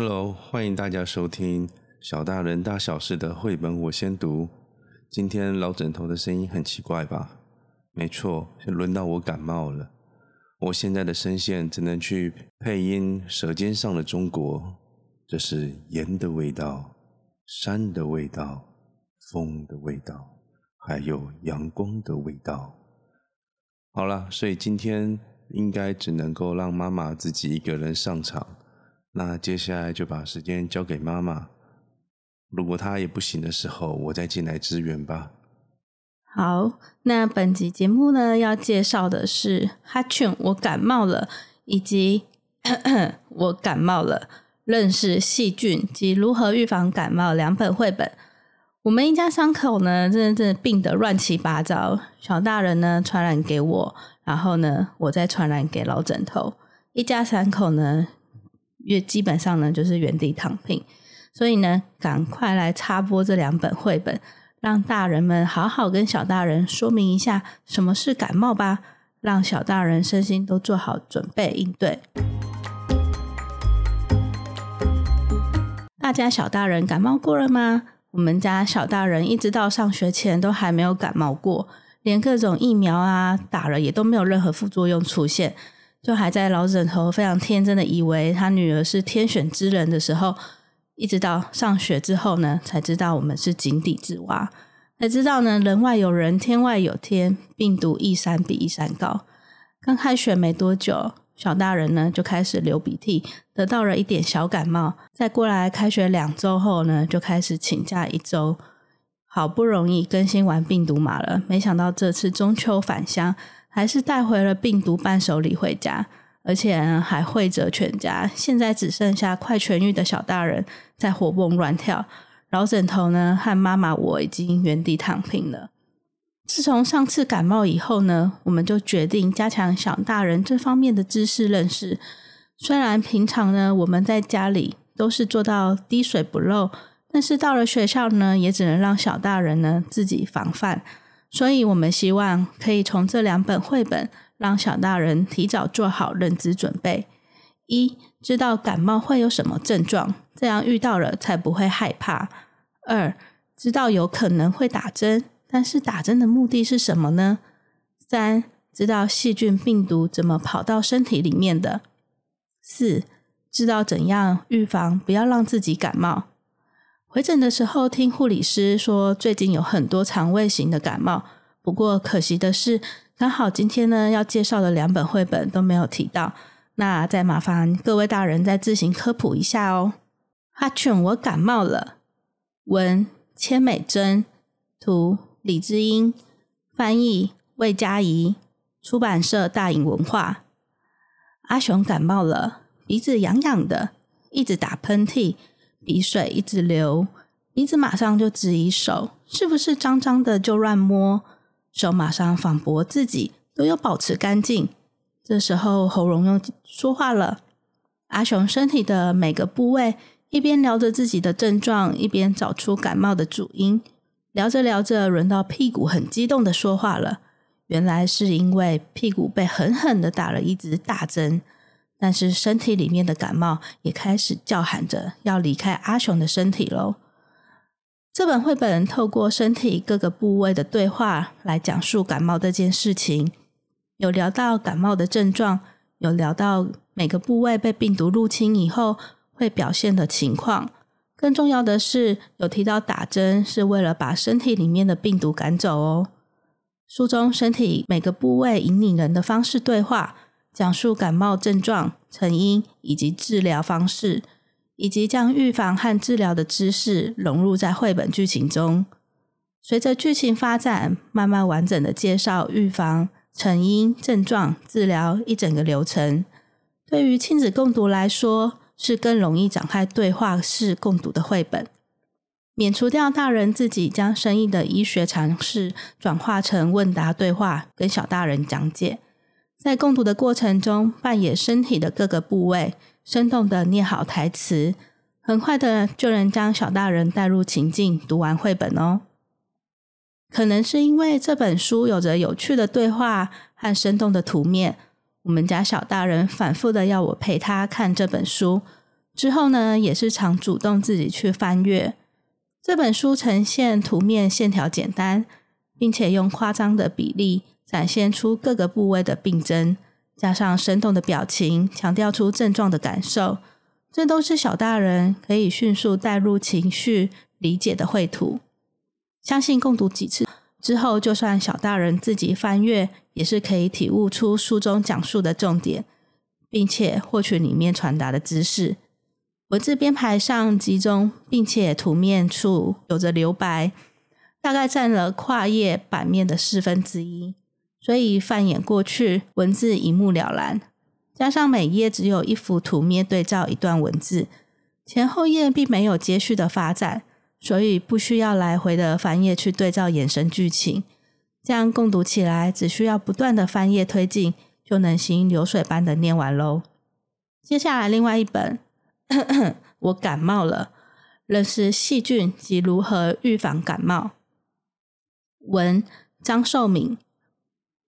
Hello，歡迎大家收聽《小大人大小事》的繪本，我先讀。今天老枕頭的聲音很奇怪吧？沒錯，是輪到我感冒了。我現在的聲線只能去配音《舌尖上的中國》，這是鹽的味道、山的味道、風的味道，還有陽光的味道。好了，所以今天應該只能夠讓媽媽自己一個人上場。那接下來就把時間交給媽媽。如果她也不行的時候，我再進來支援吧。好，那本集節目呢，要介紹的是《哈啾！我感冒了》以及《咳咳！我感冒了！》，認識細菌及如何預防感冒兩本繪本。我們一家三口呢，真的真的病得亂七八糟。小大人呢，傳染給我，然後呢，我再傳染給老枕頭。一家三口呢，越基本上呢，就是原地躺平，所以呢，趕快來插播這兩本繪本，讓大人們好好跟小大人說明一下什麼是感冒吧，讓小大人身心都做好準備應對。大家小大人感冒過了嗎？我們家小大人一直到上學前都還沒有感冒過，連各種疫苗啊打了也都沒有任何副作用出現。就還在老枕頭非常天真的以為他女兒是天選之人的時候，一直到上學之後呢，才知道我們是井底之蛙，才知道呢，人外有人，天外有天，病毒一山比一山高。剛開學沒多久，小大人呢就開始流鼻涕，得到了一點小感冒。再過來開學兩周後呢，就開始請假一周。好不容易更新完病毒碼了，沒想到這次中秋返鄉。還是帶回了病毒伴手禮回家，而且還會折全家。現在只剩下快痊癒的小大人在活蹦亂跳，老枕頭呢和媽媽我已經原地躺平了。自從上次感冒以後呢，我們就決定加強小大人這方面的知識認識。雖然平常呢我們在家裡都是做到滴水不漏，但是到了學校呢，也只能讓小大人呢自己防範。所以，我們希望可以從這兩本繪本，讓小大人提早做好認知準備：一、知道感冒會有什麼症狀，這樣遇到了才不會害怕；二、知道有可能會打針，但是打針的目的是什麼呢？三、知道細菌病毒怎麼跑到身體裡面的；四、知道怎樣預防，不要讓自己感冒。回診的時候，聽護理師說最近有很多腸胃型的感冒。不過可惜的是，剛好今天呢要介紹的兩本繪本都沒有提到。那再麻煩各位大人再自行科普一下哦。哈啾！我感冒了。文千美珍，圖李智英，翻譯魏嘉怡，出版社大穎文化。阿雄感冒了，鼻子癢癢的，一直打噴嚏。鼻水一直流，鼻子馬上就質疑手，是不是髒髒的就亂摸？手馬上反駁自己，都要保持乾淨。這時候喉嚨又說話了。阿雄身體的每個部位一邊聊着自己的症狀，一邊找出感冒的主因。聊着聊着，輪到屁股，很激動的說話了。原來是因為屁股被狠狠的打了一支大針。但是身體裡面的感冒也開始叫喊着要離開阿雄的身體咯。這本繪本透過身體各個部位的對話來講述感冒這件事情，有聊到感冒的症狀，有聊到每個部位被病毒入侵以後會表現的情況，更重要的是有提到打針是為了把身體裡面的病毒趕走哦。書中身體每個部位引領人的方式對話。講述感冒症狀、成因以及治療方式，以及將預防和治療的知識融入在繪本劇情中。隨着劇情發展，慢慢完整的介紹預防、成因、症狀、治療一整個流程。對於親子共讀來說，是更容易展開對話式共讀的繪本，免除掉大人自己將生硬的醫學常識轉化成問答對話，跟小大人講解。在共讀的過程中，扮演身體的各個部位，生動的念好台詞，很快的就能將小大人帶入情境，讀完繪本哦。可能是因為這本書有着有趣的對話和生動的圖面，我們家小大人反覆的要我陪他看這本書，之後呢，也是常主動自己去翻閱。這本書呈現圖面線條簡單，並且用誇張的比例展現出各個部位的病徵，加上生動的表情，強調出症狀的感受。這都是小大人可以迅速帶入情緒理解的繪圖。相信共讀幾次之後，就算小大人自己翻閱，也是可以體悟出書中講述的重點，並且獲取裡面傳達的知識。文字編排上集中，並且圖面處有着留白。大概佔了跨頁版面的四分之一，所以放眼過去，文字一目了然。加上每頁只有一幅圖，面對照一段文字，前後頁並沒有接續的發展，所以不需要來回的翻頁去對照延伸劇情。這樣共讀起來，只需要不斷的翻頁推進，就能行雲流水般的念完嘍。接下來，另外一本，咳咳，我感冒了，認識細菌及如何預防感冒。文張壽敏，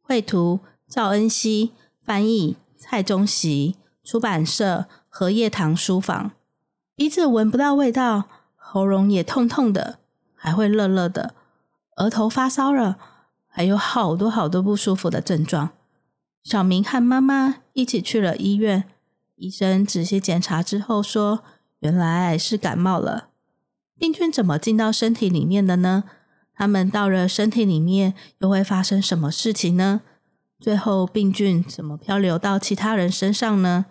繪圖趙恩熙，翻譯蔡宗習，出版社荷葉堂書房。鼻子聞不到味道，喉嚨也痛痛的，還會熱熱的，額頭發燒了，還有好多好多不舒服的症狀。小明和媽媽一起去了醫院，醫生仔細檢查之後說，原來是感冒了。病菌怎麼進到身體裡面的呢？他們到了身體裡面，又會發生什麼事情呢？最後，病菌怎麼漂流到其他人身上呢？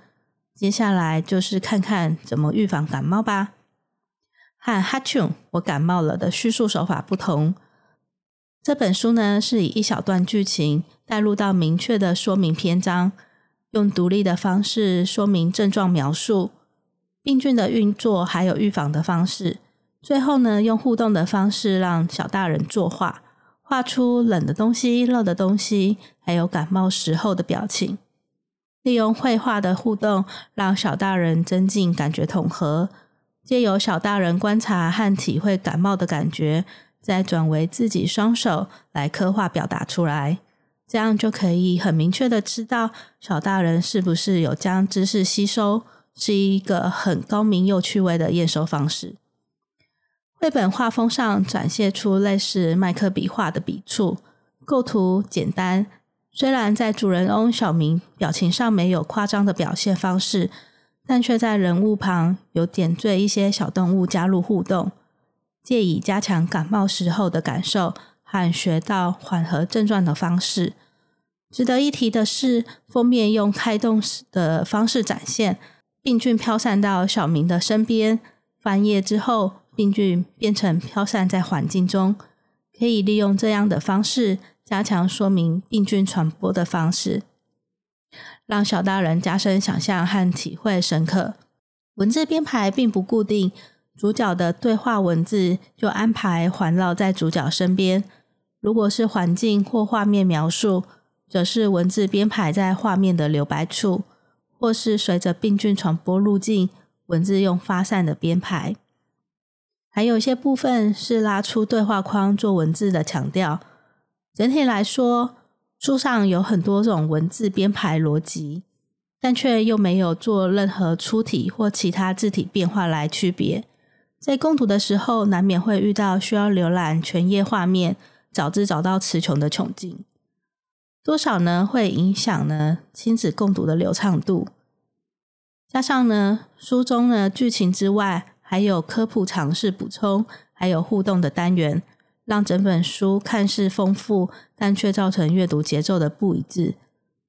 接下來就是看看怎麼預防感冒吧。和《哈啾，我感冒了》的敘述手法不同，這本書呢是以一小段劇情帶入到明確的說明篇章，用獨立的方式說明症狀描述、病菌的運作還有預防的方式。最後呢，用互動的方式讓小大人作畫，畫出冷的東西、熱的東西，還有感冒時候的表情。利用繪畫的互動，讓小大人增進感覺統合，借由小大人觀察和體會感冒的感覺，再轉為自己雙手來刻畫表達出來。這樣就可以很明確的知道小大人是不是有將知識吸收，是一個很高明又趣味的驗收方式。繪本畫風上展現出類似麥克筆畫的筆觸，構圖簡單。雖然在主人翁小明表情上沒有誇張的表現方式，但卻在人物旁有點綴一些小動物加入互動，借以加強感冒時候的感受和學到緩和症狀的方式。值得一提的是，封面用開動的方式展現，病菌飄散到小明的身邊。翻頁之後。病菌變成飄散在環境中，可以利用這樣的方式加強說明病菌傳播的方式，讓小大人加深想象和體會深刻。文字編排並不固定，主角的對話文字就安排環繞在主角身邊。如果是環境或畫面描述，則是文字編排在畫面的留白處，或是隨着病菌傳播路徑，文字用發散的編排。還有一些部分是拉出對話框做文字的強調。整體來說，書上有很多種文字編排邏輯，但卻又沒有做任何粗體或其他字體變化來區別。在共讀的時候，難免會遇到需要瀏覽全頁畫面，找字找到詞窮的窘境。多少呢？會影響呢，親子共讀的流暢度。加上呢，書中的劇情之外，還有科普嘗試補充，還有互動的單元，讓整本書看似豐富，但卻造成閱讀節奏的不一致。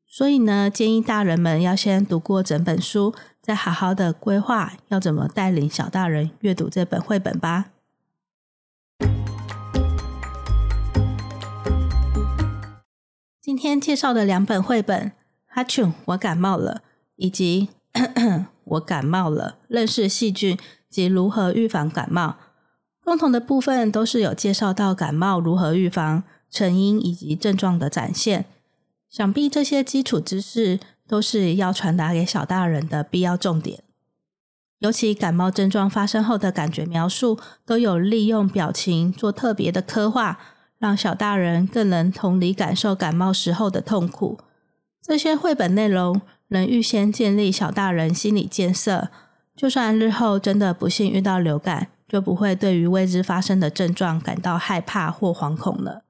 所以呢，建議大人們要先讀過整本書，再好好的規劃要怎麼帶領小大人閱讀這本繪本吧。今天介紹的兩本繪本，《哈啾我感冒了》以及《咳咳我感冒了認識細菌》。及如何預防感冒，共同的部分都是有介紹到感冒如何預防、成因以及症狀的展現。想必這些基礎知識都是要傳達給小大人的必要重點。尤其感冒症狀發生後的感覺描述，都有利用表情做特別的刻畫，讓小大人更能同理感受感冒時候的痛苦。這些繪本內容能預先建立小大人心理建設，就算日後真的不幸遇到流感，就不會對於未知發生的症狀感到害怕或惶恐了。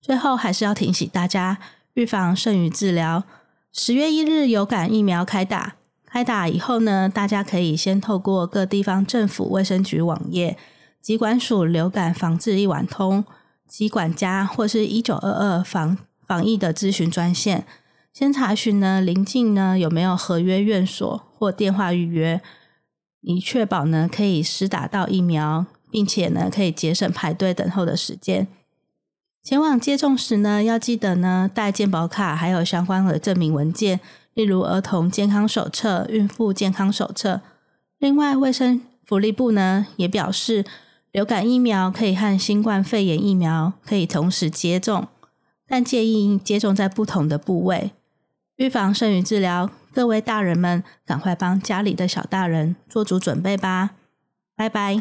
最後還是要提醒大家，預防勝於治療。十月一日流感疫苗開打，開打以後呢，大家可以先透過各地方政府衛生局網頁、疾管署流感防治一網通、疾管家或是一九二二防防疫的諮詢專線，先查詢呢鄰近呢有沒有合約院所。或電話預約，以確保呢可以施打到疫苗，並且呢可以節省排隊等候的時間。前往接種時呢，要記得呢帶健保卡，還有相關的證明文件，例如兒童健康手冊、孕婦健康手冊。另外，衛生福利部呢也表示，流感疫苗可以和新冠肺炎疫苗可以同時接種，但建議接種在不同的部位，預防勝於治療。各位大人們，趕快幫家裡的小大人做足準備吧！拜拜。